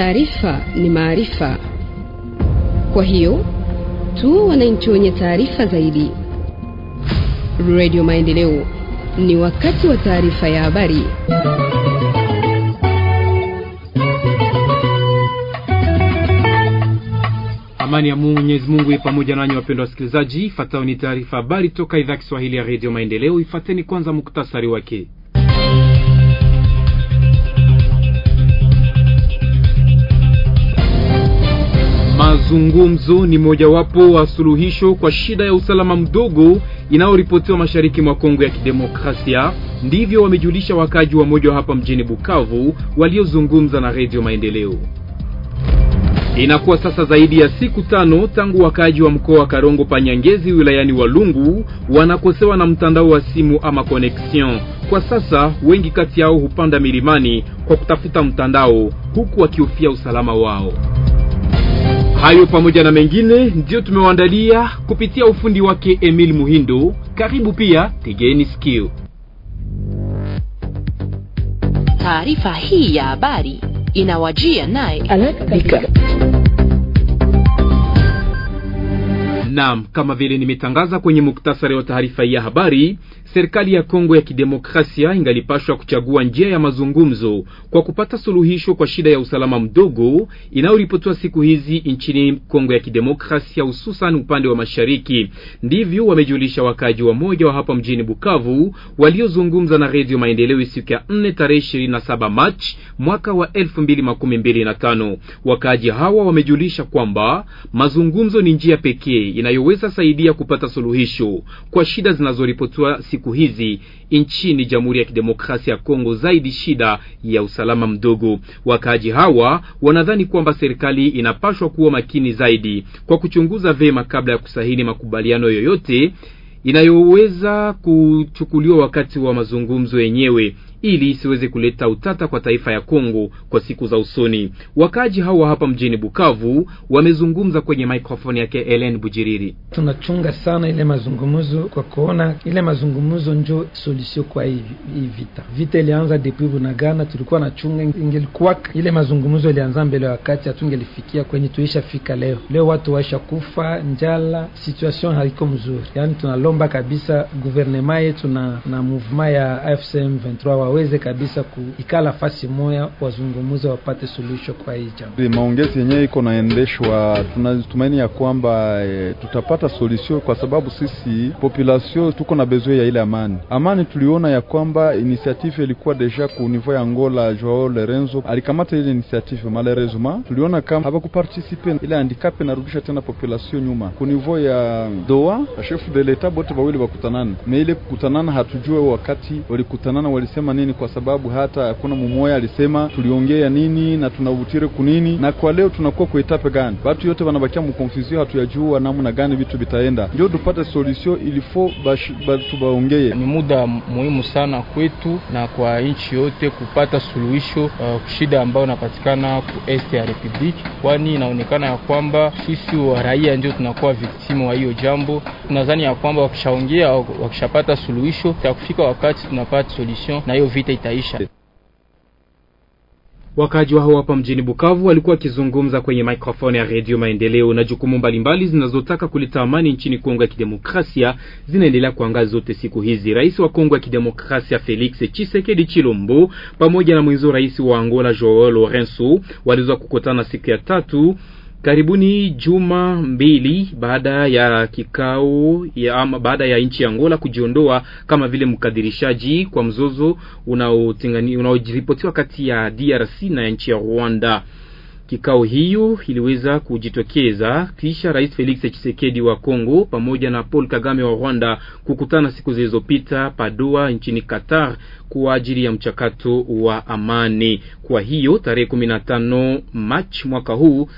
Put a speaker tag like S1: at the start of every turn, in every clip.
S1: taarifa ni maarifa. Kwa hiyo tu wananchi wenye taarifa zaidi. Radio Maendeleo, ni wakati wa taarifa ya habari.
S2: Amani ya Mungu, Mwenyezi Mungu pamoja nanyi, wapendwa wasikilizaji. Ifuatayo ni taarifa habari toka idhaa ya Kiswahili ya Radio Maendeleo. Ifuateni kwanza muktasari wake. Mazungumzo ni mojawapo wa suluhisho kwa shida ya usalama mdogo inayoripotiwa mashariki mwa Kongo ya Kidemokrasia. Ndivyo wamejulisha wakaji wa moja hapa mjini Bukavu waliozungumza na Redio Maendeleo. Inakuwa sasa zaidi ya siku tano tangu wakaaji wa mkoa wa Karongo Panyangezi wilayani Walungu wanakosewa na mtandao wa simu ama connection. Kwa sasa wengi kati yao hupanda milimani kwa kutafuta mtandao huku wakihofia usalama wao. Hayo pamoja na mengine ndiyo tumewaandalia kupitia ufundi wake Emil Muhindo. Karibu pia, tegeni sikio.
S1: Taarifa hii ya habari inawajia naye
S2: Naam, kama vile nimetangaza kwenye muktasari wa taarifa ya habari serikali ya Kongo ya Kidemokrasia ingalipashwa kuchagua njia ya mazungumzo kwa kupata suluhisho kwa shida ya usalama mdogo inayoripotiwa siku hizi nchini Kongo ya Kidemokrasia, hususan upande wa mashariki. Ndivyo wamejulisha wakaaji wamoja wa hapa mjini Bukavu waliozungumza na Redio Maendeleo siku ya 4 tarehe 27 Machi mwaka wa 2025. Wakaaji hawa wamejulisha kwamba mazungumzo ni njia pekee inayoweza saidia kupata suluhisho kwa shida zinazoripotiwa siku siku hizi nchini Jamhuri ya Kidemokrasia ya Kongo, zaidi shida ya usalama mdogo. Wakaaji hawa wanadhani kwamba serikali inapashwa kuwa makini zaidi kwa kuchunguza vema kabla ya kusahini makubaliano yoyote inayoweza kuchukuliwa wakati wa mazungumzo yenyewe ili isiweze kuleta utata kwa taifa ya Kongo kwa siku za usoni. Wakaaji hawa hapa mjini Bukavu wamezungumza kwenye mikrofoni yake Ellen Bujiriri. Tunachunga sana ile mazungumzo kwa kuona ile mazungumzo njo solution kwa hii vita. Vita ilianza depuis Bunagana, tulikuwa na chunga, ingelikuwa ile mazungumzo ilianza mbele ya wakati hatungelifikia kwenye tuishafika leo. Leo watu waisha kufa njala, situation haiko mzuri. yaani tunalomba kabisa guvernema yetu na, na movement ya AFC M23 waweze kabisa kuikala fasi moya, wazungumuze, wapate suluhisho kwa hii
S3: jambo. Maongezi yenyewe iko naendeshwa, tunatumaini ya kwamba e, tutapata solution kwa sababu sisi population tuko na besoin ya ile amani. Amani tuliona ya kwamba initiative ilikuwa deja ku niveau ya Angola, Joao Lorenzo alikamata ile initiative, malheureusement tuliona kama habakupartisipe ile handicap inarudisha tena population nyuma. Ku niveau ya doa chef de l'etat bote wawili wakutanana meile kukutanana hatujue wakati walikutanana walisema nini, kwa sababu hata hakuna mumoya alisema tuliongea nini na tunavutire kunini, na kwa leo tunakuwa kuetape gani? Watu yote wanabakia mukonfuzio, hatuyajua namna gani vitu vitaenda. Ndio tupate solution, ilifo batu baongee. Ni muda muhimu sana kwetu na kwa nchi yote
S2: kupata suluhisho uh, shida ambayo inapatikana ku este ya republiki, kwani inaonekana ya kwamba sisi wa raia ndio tunakuwa viktimu wa hiyo jambo. Tunadhani ya kwamba wakishaongea, wakishapata suluhisho, itakufika wakati tunapata solution na hiyo vita itaisha. Wakaji hao hapa mjini Bukavu walikuwa wakizungumza kwenye mikrofoni ya Redio Maendeleo. Na jukumu mbalimbali zinazotaka kuleta amani nchini Kongo ya Kidemokrasia zinaendelea kwa ngazi zote siku hizi. Rais wa Kongo ya Kidemokrasia Felix Tshisekedi Chilombo pamoja na mwenzo rais wa Angola Joao Lourenço waliweza kukutana siku ya tatu Karibuni juma mbili baada ya kikao ya ama baada ya nchi ya Angola kujiondoa kama vile mkadirishaji kwa mzozo unaojiripotiwa kati ya DRC na nchi ya Rwanda. Kikao hiyo iliweza kujitokeza kisha Rais Felix Tshisekedi wa Kongo pamoja na Paul Kagame wa Rwanda kukutana siku zilizopita Padua nchini Qatar kwa ajili ya mchakato wa amani. Kwa hiyo tarehe 15 Machi mwaka huu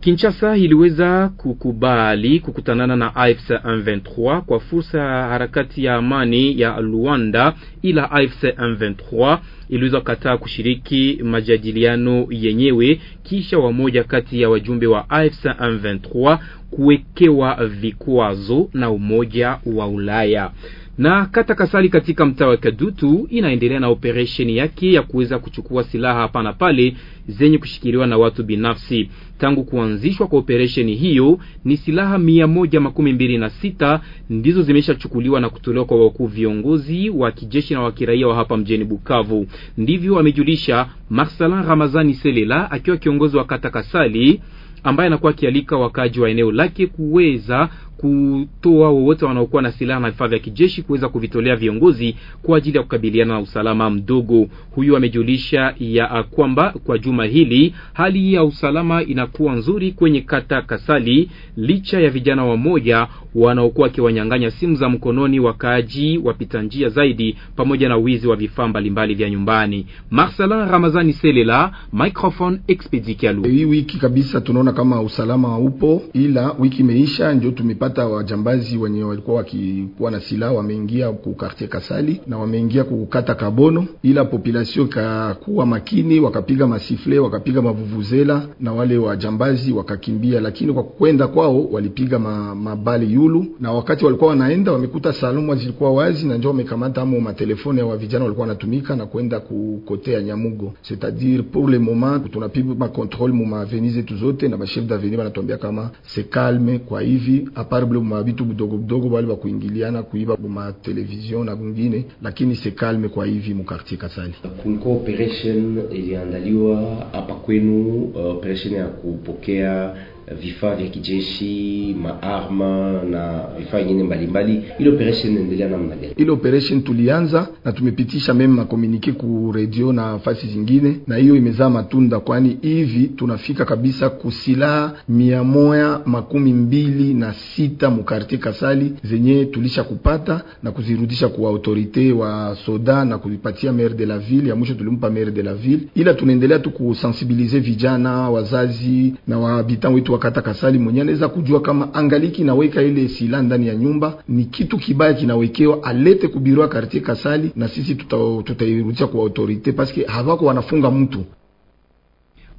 S2: Kinshasa iliweza kukubali kukutanana na AFC M23 kwa fursa ya harakati ya amani ya Luanda, ila AFC M23 iliweza kukataa kushiriki majadiliano yenyewe, kisha wamoja kati ya wajumbe wa AFC M23 kuwekewa vikwazo na Umoja wa Ulaya na kata Kasali katika mtaa wa Kadutu inaendelea na operesheni yake ya kuweza kuchukua silaha hapa na pale zenye kushikiliwa na watu binafsi. Tangu kuanzishwa kwa operesheni hiyo, ni silaha mia moja makumi mbili na sita ndizo zimeshachukuliwa na kutolewa kwa wakuu viongozi wa kijeshi na wa kiraia wa hapa mjini Bukavu. Ndivyo amejulisha Marsalin Ramazani Selela akiwa kiongozi wa kata Kasali ambaye anakuwa akialika wakaji wa eneo lake kuweza kutoa wowote wanaokuwa na silaha na vifaa vya kijeshi kuweza kuvitolea viongozi kwa ajili ya kukabiliana na usalama mdogo. Huyu amejulisha ya kwamba kwa juma hili hali ya usalama inakuwa nzuri kwenye kata Kasali, licha ya vijana wamoja wanaokuwa wakiwanyang'anya simu za mkononi wakaaji wapita njia zaidi, pamoja na wizi wa vifaa mbalimbali vya nyumbani. Marcelin Ramazani Selela, microphone expedikialu.
S4: Hii wiki kabisa tunaona kama usalama upo, ila wiki imeisha ndio tumepata hata wajambazi wenye walikuwa wakikuwa na silaha wameingia kukartier Kasali na wameingia kukata Kabono, ila population ikakuwa makini, wakapiga masifle, wakapiga mavuvuzela na wale wajambazi wakakimbia, lakini kwa kwenda kwao walipiga ma, mabali yulu, na wakati walikuwa wanaenda wamekuta salumwa zilikuwa wazi, na ndio wamekamata amo matelefone ya vijana walikuwa wanatumika na kwenda kukotea Nyamugo, c'est-à-dire pour le moment tunapiga ma control mu ma avenue zetu zote, na ma chef d'avenue wanatuambia kama se calme kwa hivi hapa apart bule vitu budogo budogo bali ba kuingiliana kuiba ma television na kungine, lakini se calme kwa hivi quartier Kasali.
S1: kunko operation iliandaliwa hapa kwenu, eh, operation ya kupokea vifaa vya kijeshi, maarma na vifaa vingine mbalimbali. Ile operation inaendelea namna
S4: gani? Ile operation tulianza na tumepitisha meme makomunike ku radio na fasi zingine, na hiyo imezaa matunda, kwani hivi tunafika kabisa kusilaha mia moya makumi mbili na sita mukartie Kasali zenye tulisha kupata na kuzirudisha kwa autorite wa soda na kuzipatia maire de la ville. Ya mwisho tulimpa maire de la ville, ila tunaendelea tu kusensibilize vijana, wazazi na wahabitan wetu wa kata Kasali mwenye anaweza kujua kama angaliki naweka ile sila ndani ya nyumba ni kitu kibaya kinawekewa, alete kubirua kartie Kasali na sisi tutairudisha tuta kwa autorite paske havako wanafunga mtu.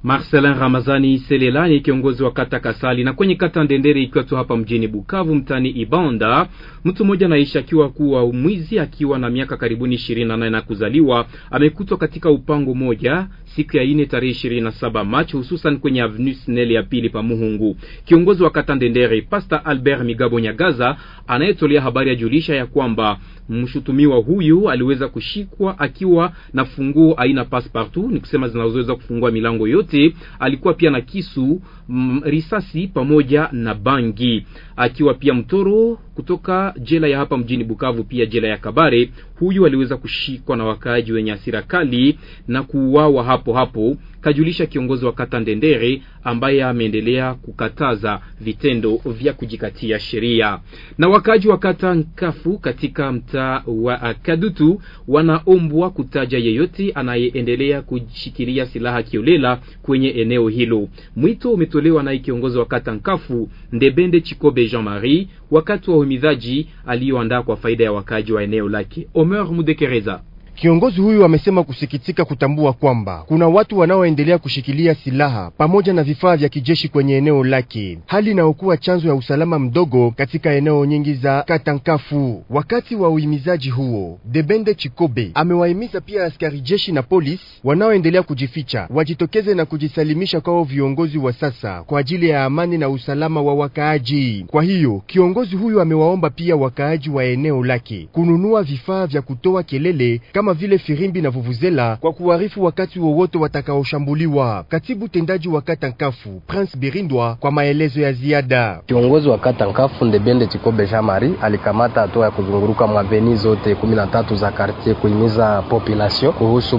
S2: Marcelin Ramazani Selela ni kiongozi wa kata Kasali. Na kwenye kata Ndendere, ikiwa tu hapa mjini Bukavu, mtani Ibanda, mtu mmoja anaishi akiwa kuwa mwizi akiwa na miaka karibuni 28 na kuzaliwa, amekutwa katika upango moja siku ya ine tarehe 27 Machi, hususan kwenye avenue Snel ya pili pa Muhungu. Kiongozi wa kata Ndendere, Pasta Albert Migabo Nyagaza, anayetolea habari ya julisha ya kwamba mshutumiwa huyu aliweza kushikwa akiwa na funguo aina passepartout, ni kusema zinazoweza kufungua milango yote. Alikuwa pia na kisu, mm, risasi pamoja na bangi akiwa pia mtoro kutoka jela ya hapa mjini Bukavu, pia jela ya Kabare. Huyu aliweza kushikwa na wakaaji wenye hasira kali na kuuawa hapo hapo, kajulisha kiongozi wa kata Ndendere, ambaye ameendelea kukataza vitendo vya kujikatia sheria. Na wakaaji wa kata Nkafu katika mtaa wa Kadutu wanaombwa kutaja yeyote anayeendelea kushikilia silaha kiolela kwenye eneo hilo. Mwito umetolewa naye kiongozi wa kata Nkafu Ndebende Chikobe Jean-Marie wakati wa uhimizaji aliyoandaa kwa faida ya wakaji wa eneo lake. Omer Mudekereza
S3: Kiongozi huyu amesema kusikitika kutambua kwamba kuna watu wanaoendelea kushikilia silaha pamoja na vifaa vya kijeshi kwenye eneo lake, hali inayokuwa chanzo ya usalama mdogo katika eneo nyingi za Katankafu. Wakati wa uhimizaji huo, Debende Chikobe amewahimiza pia askari jeshi na polisi wanaoendelea kujificha wajitokeze na kujisalimisha kwao viongozi wa sasa kwa ajili ya amani na usalama wa wakaaji. Kwa hiyo kiongozi huyu amewaomba pia wakaaji wa eneo lake kununua vifaa vya kutoa kelele kama kama vile firimbi na vuvuzela kwa kuharifu wakati wowote watakaoshambuliwa. Katibu tendaji wa kata Nkafu Prince Birindwa kwa
S1: maelezo ya
S3: ziada.
S1: Kiongozi wa kata Nkafu Ndebende Chikobe Jamari alikamata hatua ya kuzunguruka maveni zote 13 za kartier kuhimiza population kuhusu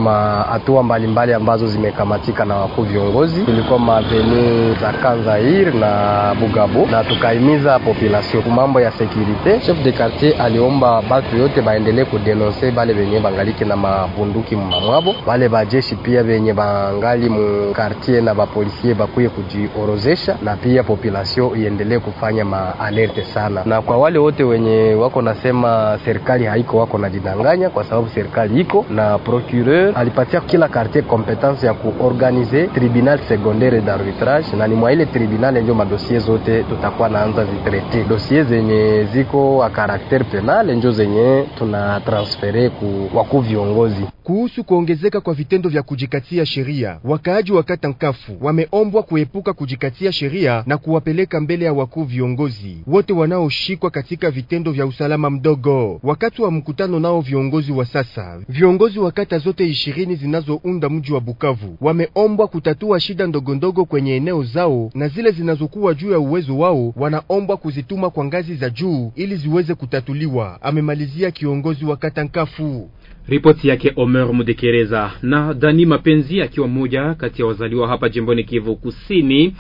S1: hatua mbalimbali ambazo zimekamatika na wakuu viongozi. Tulikuwa maveni za Kanzair na Bugabo na tukahimiza population ku mambo ya securite. Chef de quartier aliomba batu yote baendelee kudenonse bale venye bangali mapikipiki na mabunduki mmamwabo Wale bajeshi pia venye bangali mu quartier na bapolisie bakuye kujiorozesha, na pia population iendelee kufanya maalerte sana. Na kwa wale wote wenye wako nasema serikali haiko, wako najidanganya, kwa sababu serikali iko na procureur alipatia kila quartier competence ya kuorganize tribunal secondaire d'arbitrage, na ni mwa ile tribunal ndio madosie zote tutakuwa naanza zitrete. Dosie zenye ziko a karaktere penale njo zenye tuna transfere ku viongozi.
S3: Kuhusu kuongezeka kwa vitendo vya kujikatia sheria, wakaaji wa kata Nkafu wameombwa kuepuka kujikatia sheria na kuwapeleka mbele ya wakuu viongozi wote wanaoshikwa katika vitendo vya usalama mdogo. Wakati wa mkutano nao viongozi wa sasa, viongozi wa kata zote ishirini zinazounda mji wa Bukavu wameombwa kutatua shida ndogondogo kwenye eneo zao, na zile zinazokuwa juu ya uwezo wao wanaombwa kuzituma kwa ngazi za juu ili ziweze kutatuliwa, amemalizia kiongozi wa kata Nkafu.
S2: Ripoti yake Omer Mudekereza. Na Dani Mapenzi akiwa mmoja kati ya wazaliwa hapa jimboni Kivu Kusini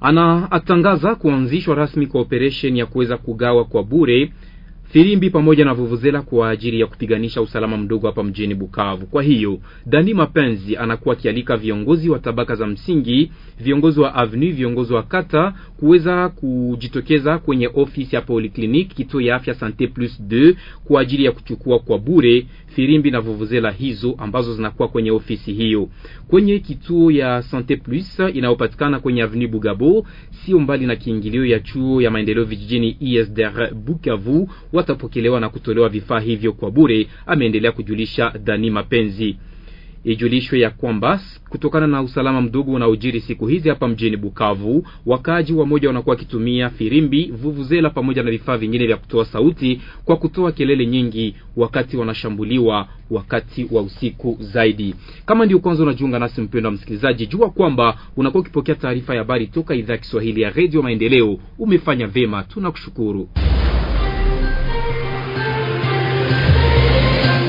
S2: anatangaza kuanzishwa rasmi kwa operesheni ya kuweza kugawa kwa bure firimbi pamoja na vuvuzela kwa ajili ya kupiganisha usalama mdogo hapa mjini Bukavu. Kwa hiyo Dani Mapenzi anakuwa akialika viongozi wa tabaka za msingi, viongozi wa avenue, viongozi wa kata kuweza kujitokeza kwenye ofisi ya polyclinic, kituo ya afya Sante Plus 2 kwa ajili ya kuchukua kwa bure firimbi na vuvuzela hizo ambazo zinakuwa kwenye ofisi hiyo, kwenye kituo ya Sante Plus inayopatikana kwenye Avenue Bugabo, sio mbali na kiingilio ya chuo ya maendeleo vijijini ISDR e Bukavu. Watapokelewa na kutolewa vifaa hivyo kwa bure, ameendelea kujulisha Dani Mapenzi. Ijulishwe ya kwamba kutokana na usalama mdogo unaojiri siku hizi hapa mjini Bukavu, wakaaji wa moja wanakuwa wakitumia firimbi, vuvuzela pamoja na vifaa vingine vya kutoa sauti kwa kutoa kelele nyingi wakati wanashambuliwa wakati wa usiku zaidi. Kama ndio kwanza unajiunga nasi, mpendwa msikilizaji, jua kwamba unakuwa ukipokea taarifa ya habari toka idhaa ya Kiswahili ya Radio Maendeleo. Umefanya vema, tunakushukuru.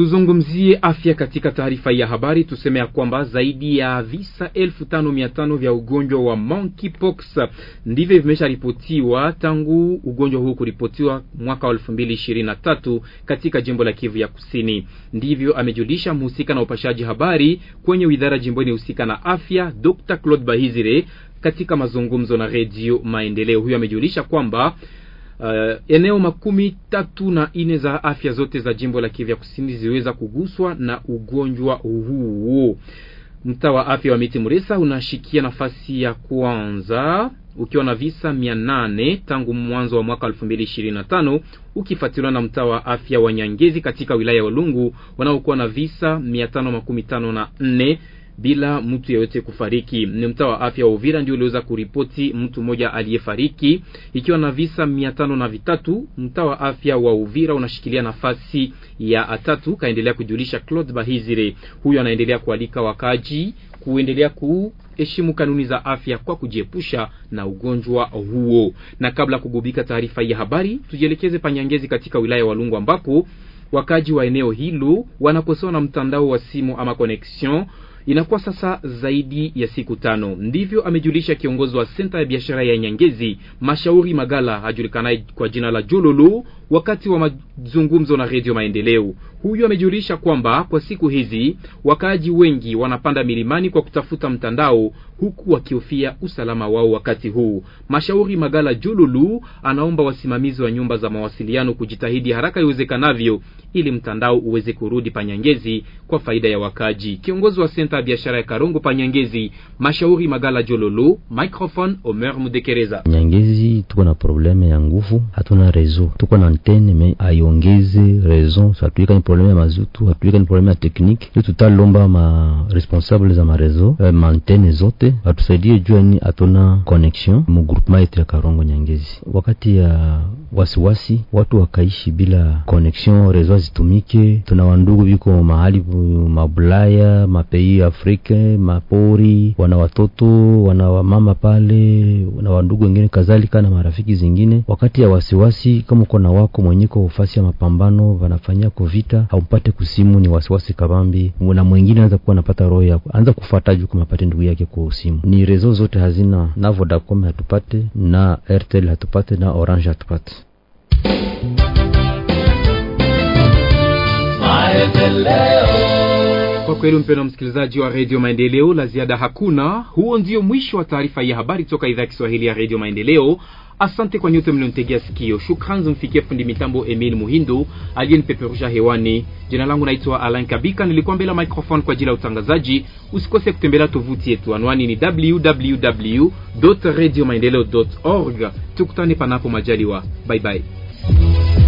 S2: Tuzungumzie afya katika taarifa ya habari. Tuseme ya kwamba zaidi ya visa elfu tano mia tano vya ugonjwa wa monkeypox ndivyo vimesharipotiwa tangu ugonjwa huu kuripotiwa mwaka wa elfu mbili ishirini na tatu katika jimbo la Kivu ya Kusini. Ndivyo amejulisha mhusika na upashaji habari kwenye idara jimboni husika na afya, Dr Claude Bahizire katika mazungumzo na Redio Maendeleo. Huyo amejulisha kwamba Uh, eneo makumi tatu na ine za afya zote za jimbo la Kivu Kusini ziweza kuguswa na ugonjwa huo. Mtaa wa afya wa Miti Muresa unashikia nafasi ya kwanza ukiwa na visa mia nane tangu mwanzo wa mwaka 2025 ukifuatiliwa na mtaa wa afya wa Nyangezi katika wilaya ya Walungu wanaokuwa na visa 554 bila mtu yeyote kufariki. Ni mtaa wa afya wa Uvira ndio uliweza kuripoti mtu mmoja aliyefariki ikiwa na visa mia tano na vitatu. Mtaa wa afya wa Uvira unashikilia nafasi ya tatu, kaendelea kujulisha Claude Bahizire. Huyo anaendelea kualika wakaji kuendelea ku heshimu kanuni za afya kwa kujiepusha na ugonjwa huo. Na kabla ya kugubika taarifa ya habari, tujielekeze panyangezi katika wilaya wa Lungu ambapo wakaji wa eneo hilo wanakosewa na mtandao wa simu ama connection inakuwa sasa zaidi ya siku tano. Ndivyo amejulisha kiongozi wa senta ya biashara ya Nyangezi Mashauri Magala ajulikanaye kwa jina la Jululu wakati wa mazungumzo na Redio Maendeleo. Huyu amejulisha kwamba kwa siku hizi wakaaji wengi wanapanda milimani kwa kutafuta mtandao, huku wakihofia usalama wao. Wakati huu Mashauri Magala Jululu anaomba wasimamizi wa nyumba za mawasiliano kujitahidi haraka iwezekanavyo ili mtandao uweze kurudi Panyangezi kwa faida ya wakaaji. Kiongozi wa senta ya biashara ya Karongo Panyangezi, Mashauri Magala Jululu, microphone Omer Mudekereza.
S1: Nyangezi tuko na probleme ya nguvu, hatuna rezo, tuko na butene me aiongeze raison, hatuika ni probleme ya mazutu, hatuika ni probleme ya tekniki. Hiyo tutalomba ma responsable za marezo eh, mantene zote atusaidie juu ni atona connection mu groupement yetu ya Karongo Nyangezi. Wakati ya wasiwasi watu wakaishi bila connection, rezo azitumike. Tuna wandugu viko mahali mabulaya mapei afrika mapori, wana watoto wana wamama pale na wandugu wengine kadhalika na marafiki zingine. Wakati ya wasiwasi kama uko na wako kwa ufasi ya mapambano wanafanyia kovita haumpate kusimu, ni wasiwasi kabambi na mwingine anaweza kuwa anapata roho yako anza kufuata juu kama apate ndugu yake kwa usimu. Ni rezo zote hazina na Vodacom hatupate na Airtel hatupate na Orange hatupate
S2: kwa kweli mpendwa msikilizaji wa redio Maendeleo, la ziada hakuna. Huo ndio mwisho wa taarifa ya habari kutoka idhaa ya Kiswahili ya redio Maendeleo. Asante kwa nyote mliontegea sikio. Shukrani zimfikie fundi mitambo Emil Muhindu aliyenipeperusha hewani. Jina langu naitwa Alain Kabika, nilikuwa mbele microphone kwa ajili ya utangazaji. Usikose kutembelea tovuti yetu, anwani ni www.radiomaendeleo.org. Tukutane panapo majaliwa, bye bye.